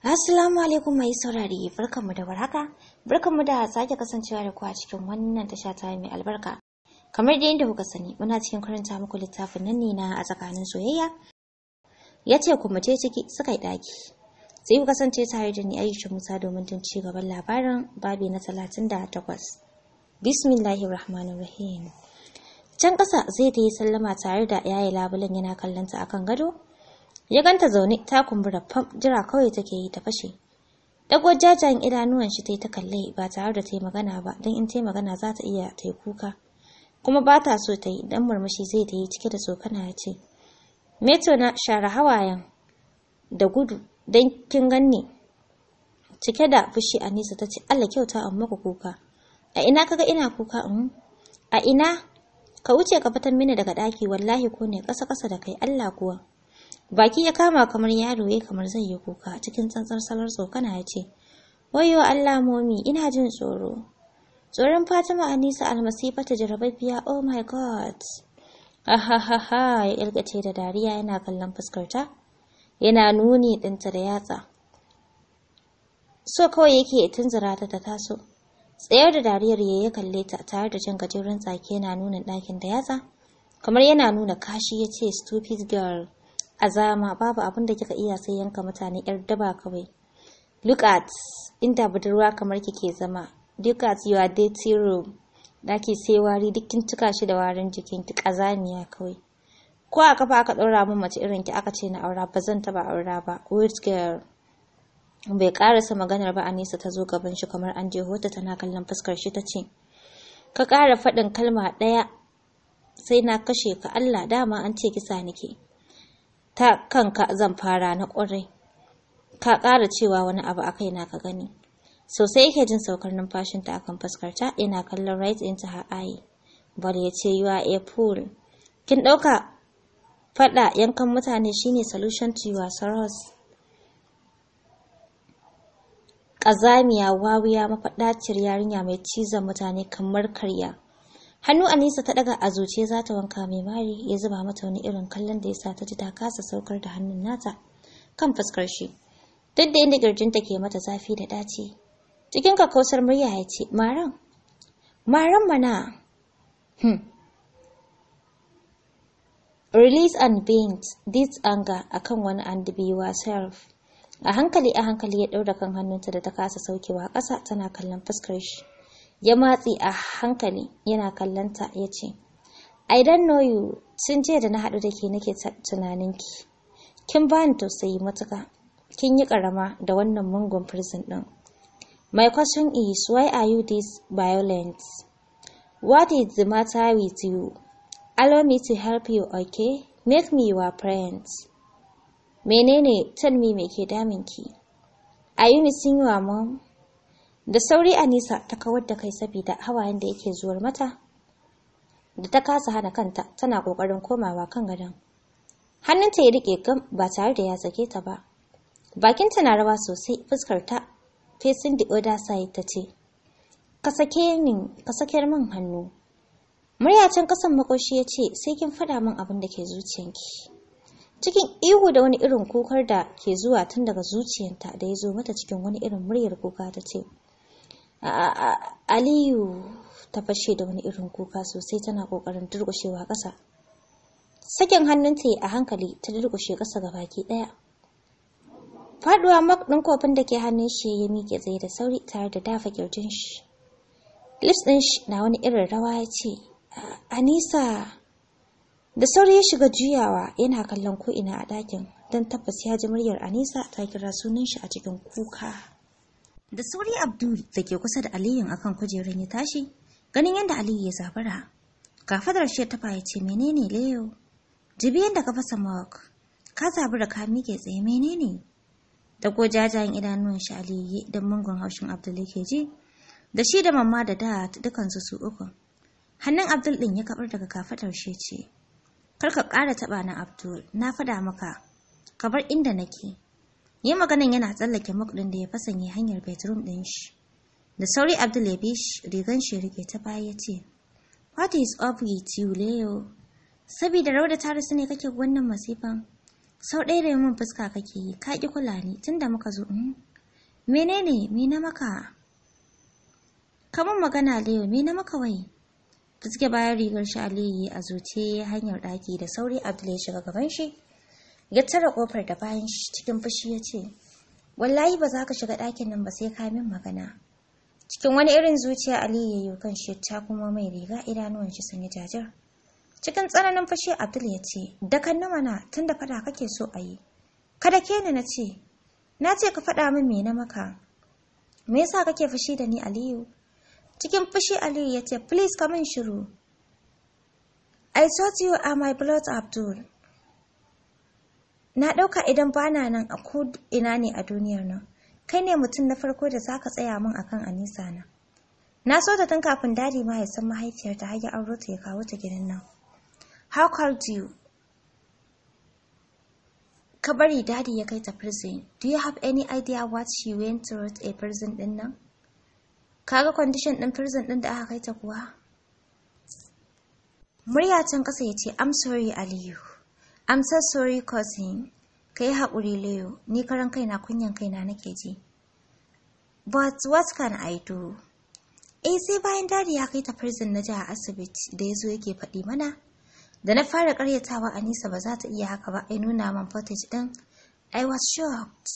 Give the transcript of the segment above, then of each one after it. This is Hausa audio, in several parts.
Assalamu alaikum mai saurari barkanmu da warhaka barkanmu da sake kasancewa da ku a cikin wannan tasha ta mai albarka kamar da yadda kuka sani muna cikin karanta muku littafin nan ne na a tsakanin soyayya yace ku mace ciki suka yi ɗaki sai ku kasance tare da ni aisha musa domin tun ci gaban labarin babi na talatin da takwas bismillahirrahmanirrahim can ƙasa zai ta yi sallama tare da yayi labulen yana kallonta akan gado Ya ganta zaune ta kumbura fam jira kawai take yi ta fashe. Dagwar jajayen idanuwan shi ta yi ta kalle ba tare da ta yi magana ba don in ta yi magana za ta iya ta yi kuka. Kuma ba ta so ta yi dan murmushi zai ta yi cike da tsokana ya ce. Meto na share hawayen da gudu don kin ganni. Cike da fushi a nesa ta ce Allah kyauta an maka kuka. A ina kaga ina kuka in? Umm? A ina ka wuce ka fitar mini daga ɗaki wallahi ko ne kasa ƙasa da kai Allah kuwa. Baki ya kama kamar yaro ya kamar zai yi kuka cikin tsantsar salar tsokana ya ce, Wayo Allah momi ina jin tsoro. Tsoron Fatima Anisa almasifa ta jarababbiya oh my god. Ha ha ha, ya ƙirƙace da dariya yana kallon fuskarta, yana nuni ɗinta da yatsa. So kawai yake tunzura zirata ta taso. Tsayar da dariyar ya yi kalle ta tare da jan gajeren tsaki yana nuna ɗakin da yatsa, kamar yana nuna kashi ya ce stupid girl. azama babu abin da kika iya sai yanka mutane yar daba kawai look at inda budurwa kamar kike zama look at your dirty room daki sai wari duk kin cika shi da warin jikin ki kazaniya kawai ko a kafa aka ɗora min mace irin ki aka ce na aura ba zan taba aura ba which girl bai karasa maganar ba nesa ta zo gaban shi kamar an je wata tana kallon fuskar shi ta ce ka ƙara faɗin kalma ɗaya sai na kashe ka Allah dama an ce kisa nake ta kanka zan fara na ƙwarai ka ƙara cewa wani abu a kaina ka gani sosai yake jin saukar numfashinta akan fuskarta yana kallon right into her eye bal ya ce you are a fool kin ɗauka faɗa yankan mutane shine solution to your sorrows ƙazamiya wawiya mafaɗaciyar yarinya mai cizon mutane kamar karya hannu anisa ta daga a zuciya za ta wanka mai mari ya zuba mata wani irin kallon da ya sa ta ji ta kasa saukar da hannun nata kan fuskar shi duk da inda girjinta ke mata zafi da daci cikin kakausar murya ya ce maran maran mana hmm. release and vent this anger akan wani and be yourself a hankali a hankali ya ɗaura kan hannunta da ta kasa saukewa ƙasa tana kallon fuskar shi ya matsi a hankali yana kallanta ya ce i don't know you tun je da na haɗu da ke nake tunaninki kin bani tausayi matuka kin yi ƙarama da wannan mungon prison ɗin my question is why are you this violent what is the matter with you allow me to help you okay make me your friend menene tell me me ke ki? are you missing your mom da sauri a nisa ta kawar da kai saboda hawayen da yake zuwar mata da ta kasa hana kanta tana kokarin komawa kan gadon hannunta ya rike gam ba tare da ya sake ta ba bakin ta na rawa sosai fuskar ta facing the other side ta ce ka sake min ka sake min hannu muryacin kasan makoshi ya ce sai kin faɗa min abin da ke zuciyanki cikin ihu da wani irin kukar da ke zuwa tun daga zuciyanta da ya zo mata cikin wani irin muryar kuka ta ce aliyu ta fashe da wani irin kuka sosai tana kokarin durkushewa ƙasa sakin hannunta a hankali ta durkushe ƙasa ga baki ɗaya faduwa mak ɗin kofin da ke hannun shi ya miƙe tsaye da sauri tare da dafa kirjin shi lips ɗin shi na wani irin rawa ya ce anisa da sauri ya shiga juyawa yana kallon ko'ina a ɗakin don tabbas ya ji muryar anisa ta kira sunan shi a cikin kuka Da sauri Abdul da ke kusa da Aliyun akan kujerun ya tashi, ganin yadda Aliyu ya zabara. Kafadar shi ta ya ce menene Leo? Jibi yadda ka fasa mawak, ka zabi da ka mike tsaye menene? Da ko jajayen idanun shi Aliyu da mungon haushin Abdul yake ji, da shi da mamma da da dukansu su uku. Hannun Abdul din ya kabar daga kafadar shi ce, Kar ka kara taɓa na Abdul, na faɗa maka, ka bar inda nake. Yi maganin yana tsallake makudin da ya fasanye hanyar bedroom ɗin shi. Da sauri Abdul ya bi shi rigan shi rike ta baya ya ce, What is up with you, Leo? Sabida rauda ta rasu ne kake wannan masifan. Sau ɗaya da yamin fuska kake yi, ka ƙi kula ni tunda muka zo. Hmm? Menene, me na maka? Kamun magana Leo, me na maka wai? Fuske bayan rigar shi Aliyu a zuce hanyar ɗaki da sauri Abdul ya shiga gaban shi. ya tara kofar da bayan shi cikin fushi ya ce wallahi ba za ka shiga ɗakin nan ba sai ka min magana cikin wani irin zuciya aliyu ya yi kan shi ta kuma mai riga idanuwan shi sun yi jajar cikin tsananin fushi abdul ya ce da na mana tun da fada kake so a yi kada ke ni na ce na ce ka faɗa min me na maka me yasa kake fushi da ni aliyu cikin fushi aliyu ya ce please ka min shiru i thought you are my blood abdul Na ɗauka idan bana nan a ko ina ne a duniyar nan. Kai ne mutum na farko da za ka tsaya min akan a nisa na. Na so ta tun kafin dadi ma ya san mahaifiyar har ya auro ta ya kawo ta gidan nan. How could you? Ka bari dadi ya kai ta prison. Do you have any idea what she went through a prison din nan? Kaga condition din prison din da aka kai ta kuwa? Murya can ƙasa ya ce, I'm sorry, Aliyu. I'm so sorry cousin. Ka yi haƙuri Leo, ni karan kaina kunyan kaina nake ji. But what can I do? Eh sai bayan dadi ya kai ta prison na jiha asibiti da ya zo yake faɗi mana. Da na fara ƙaryatawa Anisa ba za ta iya haka ba, ai nuna man footage ɗin. I was shocked.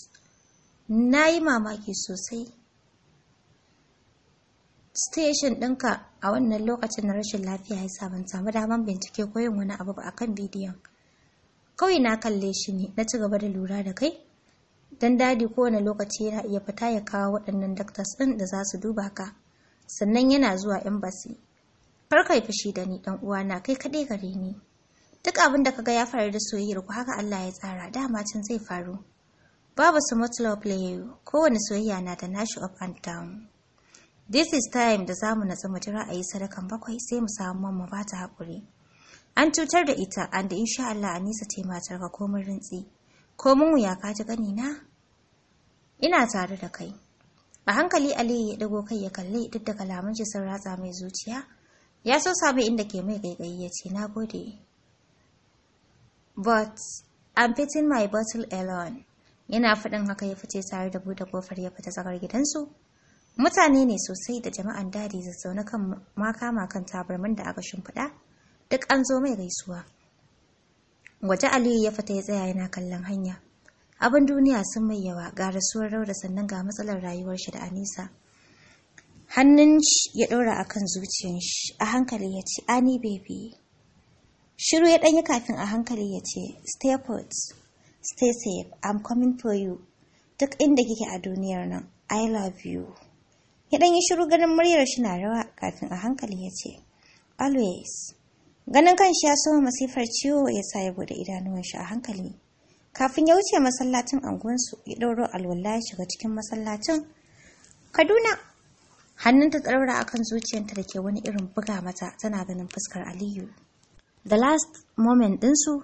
Na yi mamaki sosai. Station ɗinka a wannan lokacin na rashin lafiya ya sa ban samu bincike ko yin wani abu ba akan bidiyon. kawai na kalle shi ne na ci gaba da lura da kai dan dadi kowane lokaci yana iya fita ya kawo waɗannan doctors ɗin da za su duba ka sannan yana zuwa embassy kar kai fushi da ni dan uwa na kai kaɗai gare ni duk abin da kaga ya faru da soyayyar ku haka Allah ya tsara dama can zai faru babu su mutual player kowane soyayya na da nashi up and down this is time da zamu natsu mu ji ra'ayi sadakan bakwai sai mu samu mu ba ta haƙuri An cutar da ita, an da insha Allah Anisa ce matar ka komin rintsi. Komin wuya ka ji gani na? Ina tare da kai. A hankali Aliyu ya dago kai ya kalli duk da kalaman shi sun ratsa mai zuciya. Ya so sami inda ke mai gaigayi ya ce, "Na gode." But I'm fitting my bottle alone. Yana faɗin haka ya fice tare da buɗe kofar ya fita tsakar gidansu. Mutane ne sosai da jama'an dadi zazzaune kan makama kan tabarman da aka shimfiɗa. duk an zo mai gaisuwa waje aliyu ya fita ya tsaya yana kallon hanya abin duniya sun mai yawa ga rasuwar rauda sannan ga matsalar rayuwar shi da anisa hannun shi ya ɗora a kan zuciyar shi a hankali ya ce ani baby shiru ya ɗanyi kafin a hankali ya ce stay put stay safe i'm coming for you duk inda kike a duniyar nan i love you ya ɗanyi shiru ganin muryar shi na rawa kafin a hankali ya ce always Ganin kan shi ya soma masifar ciwo ya sa ya bude idanuwan shi a hankali. Kafin ya wuce masallacin anguwansu ya ɗauro alwala ya shiga cikin masallacin. Kaduna hannunta tsaura akan zuciyarta da ke wani irin buga mata tana ganin fuskar Aliyu. The last moment ɗinsu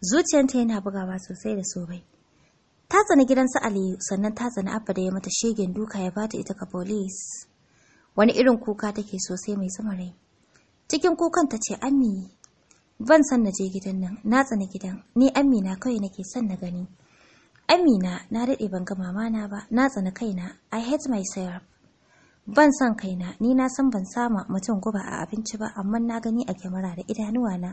zuciyarta yana bugawa sosai da sobai. Ta tsani gidan su Aliyu sannan ta tsani Abba da ya mata shegen duka ya bata ita ka police. Wani irin kuka take sosai mai sama rai. Cikin kukan ta ce Ami, ban san na je gidan nan, na tsana gidan, ni Amina kawai nake son na gani. Amina, na daɗe ban ga mamana ba, na tsana kaina, I hate myself. Ban san kaina, ni na san ban sama mutum guba a abinci ba, amma na gani a kyamara da idanuwa na.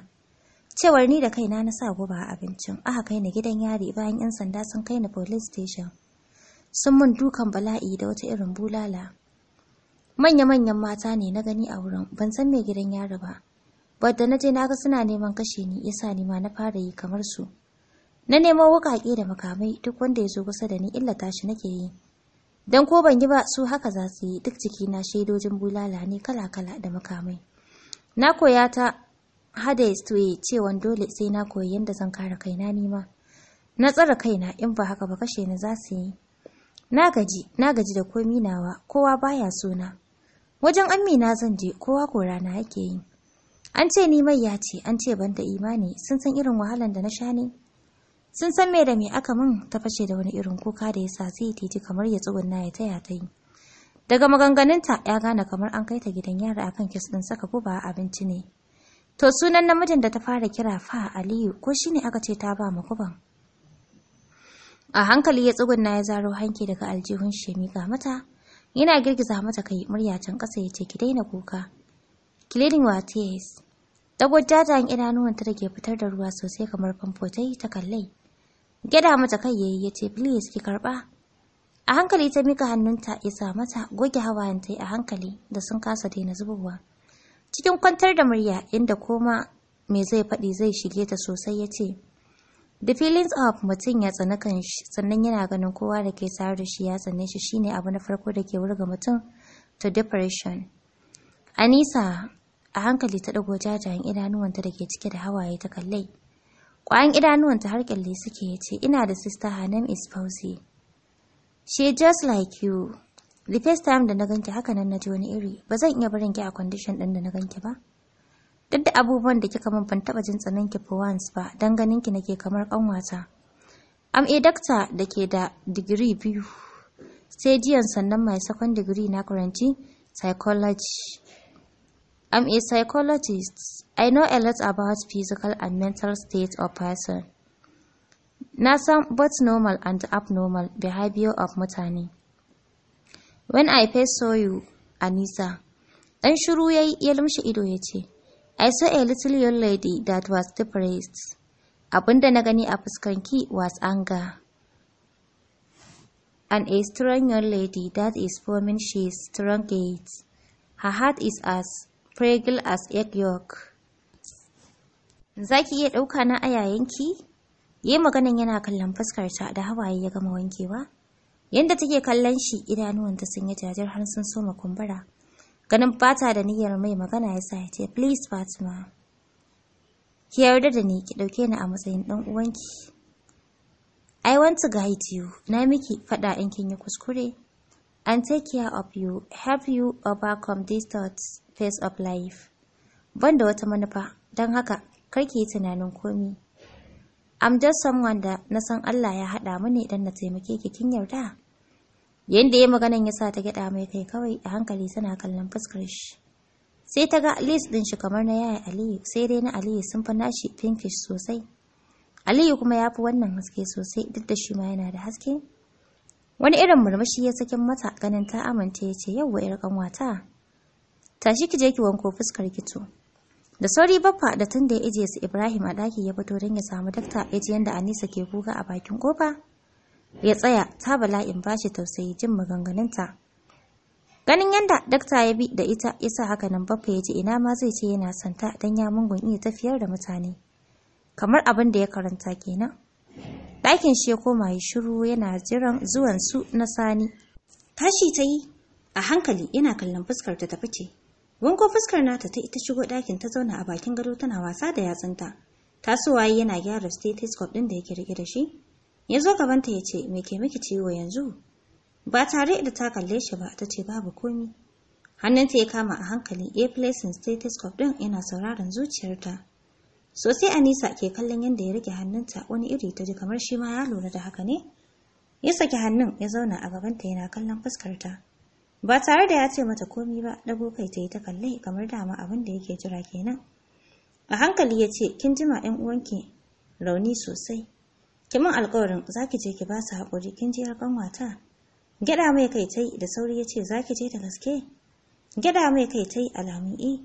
Cewar ni da kaina na sa guba a abincin, aka kai ni gidan yari bayan 'yan sanda sun kai ni police station. Sun mun dukan bala'i da wata irin bulala. manya-manyan mata ne na gani a wurin ban san mai gidan yari ba wadda na je na ga suna neman kashe ni yasa ni ma na fara yi kamar su na nemo wukake da makamai duk wanda ya zo kusa da ni illa tashi nake yi dan ko ban yi ba su haka za su yi duk ciki na shaidojin bulala ne kala-kala da makamai na koya ta hada istoye cewan dole sai na koyi yadda zan kare kaina nima na tsara kaina in ba haka ba kashe ni za su yi na gaji na gaji da komi nawa kowa baya sona Wajen Amina zan je kowa ko rana yake yi. An ce ni mai ya ce, an ce ban da imani, sun san irin wahalan da na sha ne. Sun san me da me aka min ta fashe da wani irin kuka da ya sa sai titi kamar ya tsugunna ya taya ta yi. Daga maganganunta ya gane kamar an kai ta gidan yara akan kis din saka guba ba abinci ne. To sunan namijin da ta fara kira fa Aliyu ko shine aka ce ta ba kuban? A hankali ya tsugunna ya zaro hanki daga aljihun shi mika mata Yana girgiza mata kai murya can ƙasa ya ce ki daina kuka. Kilidin wa tears. yin jajayen idanuwanta da ke fitar da ruwa sosai kamar famfo ta ta kallai. Gyada mata kai yayi ya ce please ki karɓa. A hankali ta mika hannunta ya sa mata goge hawayenta a hankali da sun kasa daina zubowa. Cikin kwantar da murya inda koma me zai faɗi zai shige ta sosai ya ce, The feelings of mutum ya tsani kan shi sannan yana ganin kowa da ke tare da shi ya tsane shi shine abu na farko da ke wurga mutum to depression. Anisa a hankali ta ɗago jajayen idanuwanta da ke cike da hawaye ta kallai. Ƙwayan idanuwanta har kyalle suke ya ce, Ina da sister her name is Fauzi. She just like you. The first time da na ganki haka nan na ji wani iri, ba zan iya barin ki a condition ɗin da na ganki ba. duk da abubuwan da kika min ban taba jin tsanin ki for once ba dan ganin ki nake kamar kanwata am a doctor da ke da degree biyu sai jiyan sannan my second degree na karanci psychology am a psychologist i know a lot about physical and mental state of person na san both normal and abnormal behavior of mutane when i first saw you anisa ɗan shiru yayi ya lumshe ido ya ce I saw a little young lady that was depressed. Abin da na gani a fuskanki was anger. And a strong young lady that is forming she's strong gates. Her heart is as fragile as egg yolk. Za ki iya ɗauka na a yayanki? Yi maganin yana kallon fuskarta da hawaye ya gama wankewa. Yadda take kallon shi idanuwanta sun yi jajir har sun soma kumbura. ganin bata da niyyar mai magana ya sa ya ce please fatima ki yarda da ni ki ɗauke ni a matsayin ɗan uwanki i want to guide you na miki faɗa in kin yi kuskure and take care of you help you overcome these thoughts phase of life ban da wata manufa don haka kar ki yi tunanin komi I'm just someone da na san Allah ya haɗa mu ne don na taimake ki kin yarda. yadda ya maganan ya sa ta gyada mai kai kawai a hankali tana kallon fuskar shi sai ta ga lis ɗin shi kamar na yaya aliyu sai dai na aliyu sun fi nashi pinkish sosai aliyu kuma ya fi wannan haske sosai duk da shi ma yana da haske wani irin murmushi ya sakin mata ganin ta amince ya ce wa yar kanwata tashi ki je ki wanko fuskar ki da sauri baffa da tun da ya ajiye su ibrahim a ɗaki ya fito don ya samu dakta ya ji yadda anisa ke kuka a bakin kofa ya tsaya ta bala'in bashi tausayi jin maganganunta. Ganin yadda dakta ya bi da ita ya haka nan baffa ya ji ina ma zai ce yana santa don ya mungun iya tafiyar da mutane. Kamar abin da ya karanta kenan. Ɗakin shi ya koma ya shiru yana jiran zuwan su na sani. Tashi ta yi a hankali yana kallon fuskar ta tafi ce. Wanko fuskar nata ta ita shigo ɗakin ta zauna a bakin gado tana wasa da yatsunta. Tasowa yana gyara stethoscope ɗin da yake rike da shi Ya zo gabanta ya ce, Me ke miki ciwo yanzu? Ba tare da ta kalle shi ba, ta ce babu komi. Hannunta ya kama a hankali A placing stethoscope ɗin yana sauraron zuciyarta. Sosai Anisa ke kallon yadda ya rike hannunta wani iri ta ji kamar shi ma ya lura da haka ne. Ya saki hannun ya zauna a gabanta yana kallon fuskarta. Ba tare da ya ce mata komi ba, dago kai ta yi ta kalle kamar dama abin da yake jira kenan. A hankali ya ce, Kin jima ‘yan uwanki rauni sosai. Ki min alƙawarin za ki je ki ba su haƙuri kin ji yar ƙanwata. Gyaɗa mai kai tai da sauri ya ce za ki je da gaske. Gyaɗa mai kai tai alamu i. Eh.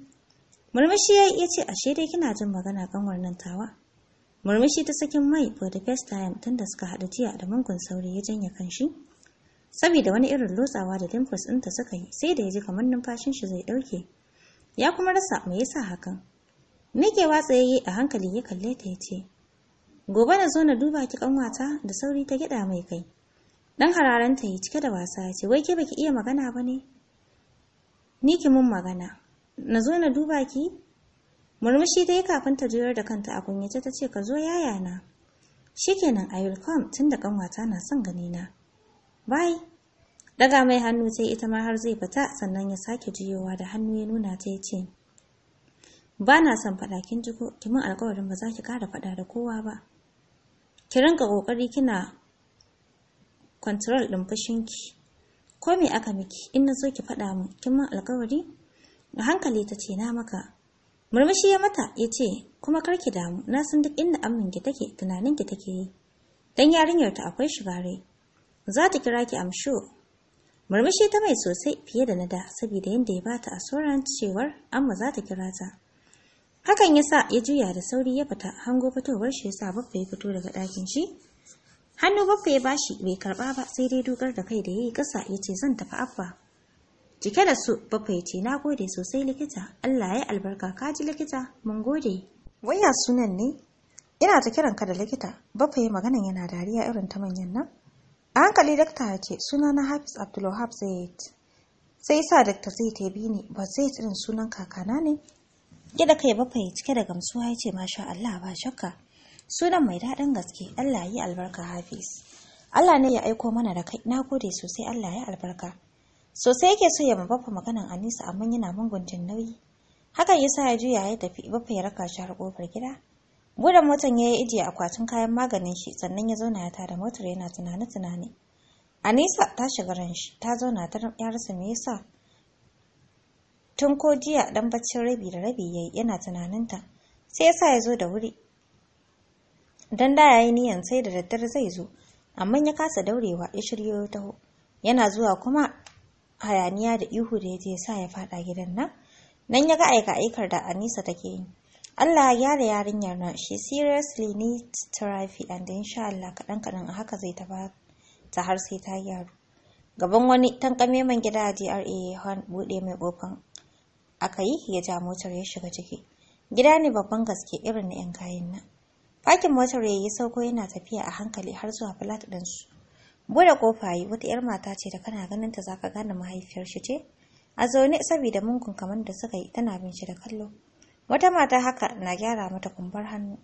Murmushi ya iya ce ashe dai kina jin magana ƙanwar nan tawa. Murmushi ta sakin mai for the first time tun da suka haɗu jiya da mungun sauri ya janye kanshi. Saboda wani irin lotsawa da dimples ɗinta suka yi sai da ya ji kamar numfashin shi zai ɗauke. Ya kuma rasa me yasa hakan. Mike watsayayye a hankali ya kalle ta ya ce, Gobe na zo na duba ki kanwata da sauri ta gida mai kai. Dan hararanta yi cike da wasa ya ce, wai ke baki iya magana ba ne? Ni ki mun magana. Na zo na duba ki? Murmushi ta yi kafin ta juyar da kanta a kunyace ta ce, ka zo yaya na. Shikenan I will come tun da kanwata na son gani na. Bye. Daga mai hannu sai ita ma har zai fita sannan ya sake juyowa da hannu ya nuna ta ya ce, Ba na son faɗa kin jiko, ki mun alkawarin ba za ki ƙara faɗa da kowa ba. ki rinka kokari kina control din fushinki ko me aka miki in na zo ki faɗa min kin min alƙawari? a hankali ta ce na maka murmushi ya mata ya ce kuma kar ki damu na san duk inda amin ki take tunanin ki take yi dan yarinyar ta akwai shiga rai za ta kira ki amsho murmushi ta mai sosai fiye da na da saboda yanda ya bata asoran cewar amma za ta kira ta hakan yasa ya juya da sauri ya fita hango fitowar shi yasa sa baffa ya fito daga ɗakin shi hannu baffa ya bashi bai karɓa ba sai dai dogar da kai da ya yi ƙasa ya ce zan tafi abba cike da su baffa ya ce na gode sosai likita allah ya albarka ka ji likita mun gode waya sunan ne ina ta kiran ka da likita baffa ya magana yana dariya irin ta manyan nan a hankali dakta ya ce suna na hafiz abdulwahab zaid sai sa dakta zai ta bi ni ba zai tsirin sunan kakana ne Gida kai bafai cike da gamsuwa ya ce masha Allah ba shakka. Sunan mai daɗin gaske Allah yi albarka Hafiz. Allah ne ya aiko mana da kai na gode sosai Allah ya albarka. Sosai yake so ya mabafa maganan Anisa amma yana munguntin nauyi. Hakan yasa ya juya ya tafi fa ya raka shi har kofar gida. Budan motan ya yi ijiye akwatin kayan maganin shi sannan ya zauna ya tada motar yana tunani-tunani. Anisa ta shiga ran shi ta zauna ta yarsa me yasa. tun ko jiya dan baccin rabi da rabi yayi yana tunaninta sai yasa ya zo da wuri dan da yayi niyan sai da daddare zai zo amma ya kasa daurewa ya shiryo ya taho yana zuwa kuma hayaniya da ihu da yaje sa ya fada gidan nan nan ya ga aika aikar da Anisa take yi Allah ya gyara yarinyar na, she seriously needs therapy and insha Allah kadan kadan a haka zai tafi ta har sai ta gyaru gaban wani tankame man gida a GRA hon buɗe mai kofan aka yi ya ja motar ya shiga ciki gida ne babban gaske irin na 'yan kayan nan fakin motar ya yi sauko yana tafiya a hankali har zuwa flat ɗinsu bude kofa yi wata 'yar mata ce da kana ganin ta zaka gane mahaifiyar shi ce a zaune saboda mungun kamar da suka yi tana bin shi da kallo wata mata haka na gyara mata kumbar hannu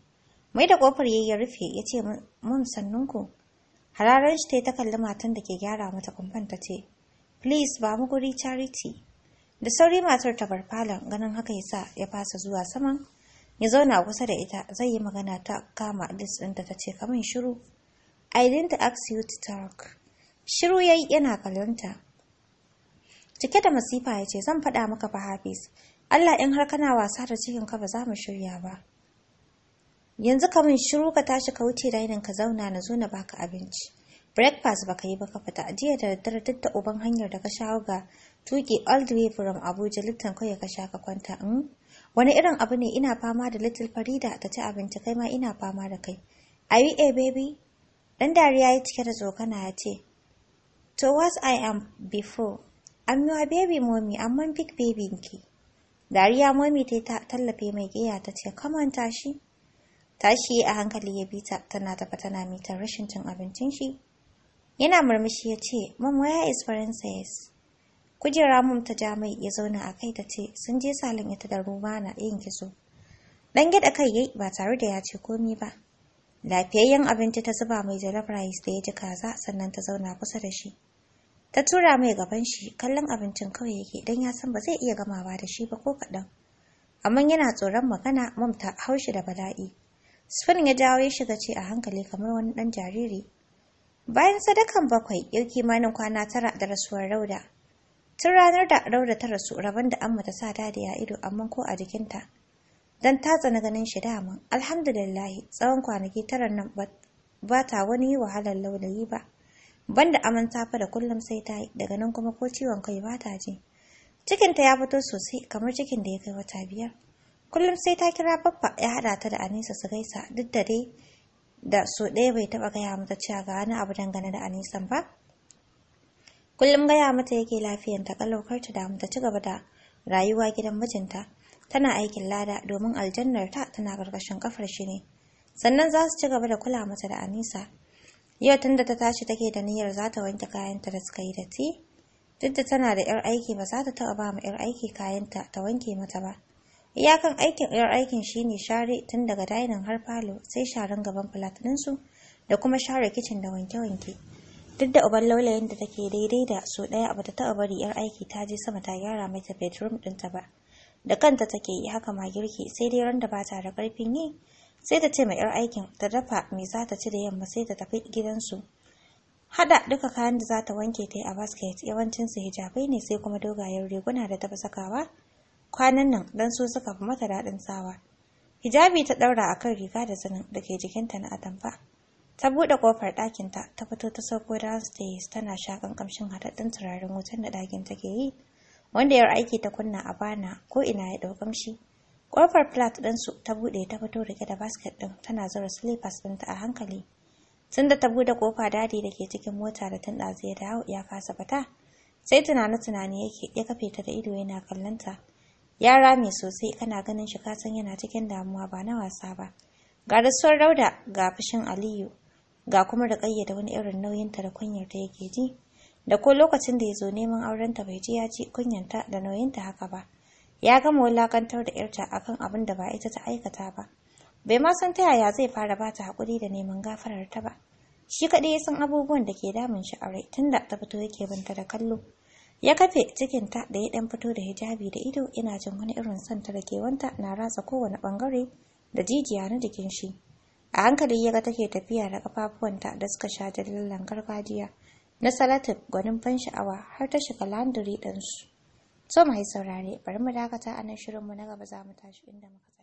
mai da kofar yayi ya rufe ya ce mun sannunku hararar shi ta yi ta kalli matan da ke gyara mata kumban ta ce please ba mu guri charity da sauri matar ta bar falon ganin haka ya sa ya fasa zuwa saman ya zauna kusa da ita zai yi magana ta kama lis ɗinta ta ce kamin shiru i didn't ask you to talk shiru yayi yana kallonta cike da masifa ya ce zan faɗa maka fa hafiz allah in har kana wasa da cikinka ba za mu shirya ba yanzu kamar shiru ka tashi ka wuce dainin ka zauna na zo na baka abinci breakfast baka yi ba ka fita jiya da daddare duk da uban hanyar da ka shawo ga tuki all the from Abuja littan kai ka sha ka kwanta in hmm? wani irin abu ne ina fama da little Farida ta ci abinci kai ma ina fama da kai A a baby dan dariya ya cike da tsokana ya ce to what I am before I'm your baby mommy amma big baby ki dariya mommy ta tallafe mai giya ta ce come on tashi tashi a hankali ya bi ta tana fata na mitar rashin cin abincin shi yana murmushi ya ce mom where is princess Kujera mum ta ja ya zauna a kai ta ce, sun je salon ita da ruwa na yin kitso. Dan gyaɗa kai yayi ba tare da ya ce komi ba. Lafiyayyen abinci ta zuba mai jollof rice da ya ji kaza sannan ta zauna kusa da shi. Ta tura mai gaban shi kallon abincin kawai yake dan ya san ba zai iya gamawa da shi ba ko kaɗan. Amma yana tsoron magana mum ta haushi da bala'i. Sufin ya jawo ya shiga ce a hankali kamar wani ɗan jariri. Bayan sadakan bakwai, yau manin kwana tara da rasuwar Rauda, Tun ranar da raura ta rasu rabon da Amma ta sa da ya ido amma ko a jikinta. Dan ta tsana ganin shi dama. Alhamdulillah tsawon kwanaki tara nan ba ta wani wahalar launayi ba. Banda aman safa da kullum sai ta yi daga nan kuma ko ciwon kai ba ta ji. Cikinta ya fito sosai kamar cikin da ya kai wata biyar. Kullum sai ta kira babba ya haɗa ta da Anisa su gaisa duk da dai da so ɗaya bai taɓa gaya mata cewa ga wani abu dangane da Anisan ba. kullum gaya mata yake lafiyanta kalaukar ta damu ta ci gaba da rayuwa gidan mijinta tana aikin lada domin aljannar ta tana karkashin kafar shi ne sannan za su ci gaba da kula mata da anisa yau tunda ta tashi take da niyyar za ta wanke kayanta da suka yi datti duk da tana da yar aiki ba za ta taɓa ba ma yar aiki kayanta ta wanke mata ba iyakan aikin yar aikin shine share tun daga dainin har falo sai sharan gaban filatinin su da kuma share kicin da wanke-wanke duk da uban laulayin da take daidai da su ɗaya bata taɓa bari yar aiki ta je sama ta gyara mata bedroom ɗinta ba da kanta take yi haka ma girki sai dai randa ba ta da ƙarfin yi sai ta ce ma yar aikin ta dafa mai za ta ci da yamma sai ta tafi gidansu hada duka kayan da za ta wanke ta yi a basket yawancin su hijabai ne sai kuma dogayen riguna da ta sakawa kwanan nan dan su suka fi mata daɗin sawa hijabi ta ɗaura kan riga da zanin da ke jikinta na atamfa ta buɗe ƙofar ɗakinta ta fito ta sauko downstairs tana shakan kamshin haɗaɗɗun turaren wutan da ɗakin take yi wanda yar aiki ta kunna a bana ko ina ya ɗau kamshi Ƙofar flat su ta buɗe ta fito rike da basket ɗin tana zura slippers ɗinta a hankali tunda ta buɗe ƙofa dadi da ke cikin mota da tun ɗazu ya dawo ya kasa fita sai tunani tunani yake ya kafe ta da ido yana kallonta yara mai sosai kana ganin shi kasan yana cikin damuwa ba na wasa ba ga rasuwar rauda ga fushin aliyu ga kuma da ƙayyade wani irin nauyin ta da ta yake ji da ko lokacin da ya zo neman aurenta bai ji ya ji ta da nauyin ta haka ba ya gama wulakantar da yarta akan abin da ba ita ta aikata ba bai ma san ta yaya zai fara ba ta haƙuri da neman gafarar ta ba shi kaɗai ya san abubuwan da ke damun shi a rai tunda ta fito yake banta da kallo ya kafe cikin ta da ya ɗan fito da hijabi da ido ina jin wani irin son ta da kewanta na ratsa kowane ɓangare da jijiya na jikin shi a hankali ya ga take tafiya da kafafuwanta da suka sha dalilan gargajiya na salatin gwanin ban sha'awa har ta shiga landiri ɗinsu. To mai saurare, bari mu dakata a nan shirinmu na gaba za mu tashi inda muka